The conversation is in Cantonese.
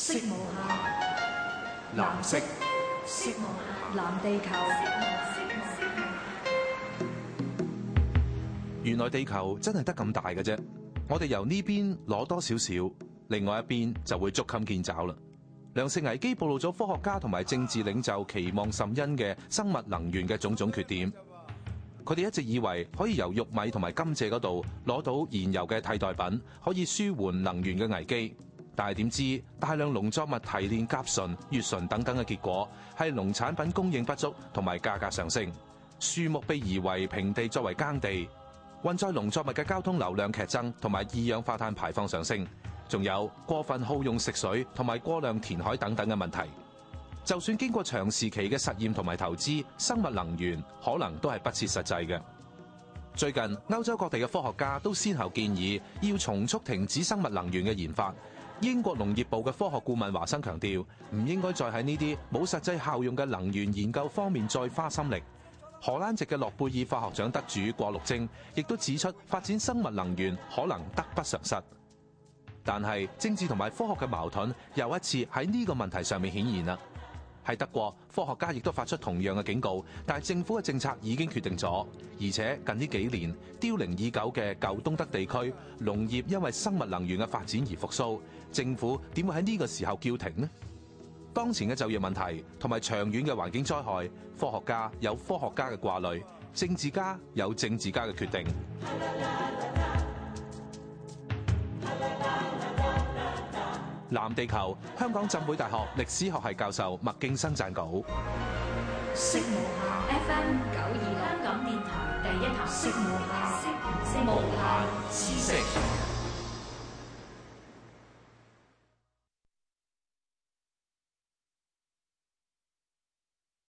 色無藍色，藍地球。原來地球真係得咁大嘅啫，我哋由呢邊攞多少少，另外一邊就會捉襟見肘啦。糧食危機暴露咗科學家同埋政治領袖期望甚殷嘅生物能源嘅種種缺點。佢哋一直以為可以由玉米同埋甘蔗嗰度攞到燃油嘅替代品，可以舒緩能源嘅危機。但係點知大量農作物提煉甲醇、乙醇等等嘅結果係農產品供應不足同埋價格上升，樹木被夷為平地作為耕地，運載農作物嘅交通流量劇增同埋二氧化碳排放上升，仲有過分耗用食水同埋過量填海等等嘅問題。就算經過長時期嘅實驗同埋投資，生物能源可能都係不切實際嘅。最近歐洲各地嘅科學家都先後建議要從速停止生物能源嘅研發。英國農業部嘅科學顧問華生強調，唔應該再喺呢啲冇實際效用嘅能源研究方面再花心力。荷蘭籍嘅諾貝爾化學獎得主過氯蒸，亦都指出發展生物能源可能得不償失。但係政治同埋科學嘅矛盾又一次喺呢個問題上面顯現啦。喺德國，科學家亦都發出同樣嘅警告，但係政府嘅政策已經決定咗，而且近呢幾年凋零已久嘅舊東德地區農業因為生物能源嘅發展而復蘇，政府點會喺呢個時候叫停呢？當前嘅就業問題同埋長遠嘅環境災害，科學家有科學家嘅掛慮，政治家有政治家嘅決定。藍地球，香港浸會大學歷史學系教授麥勁生撰稿。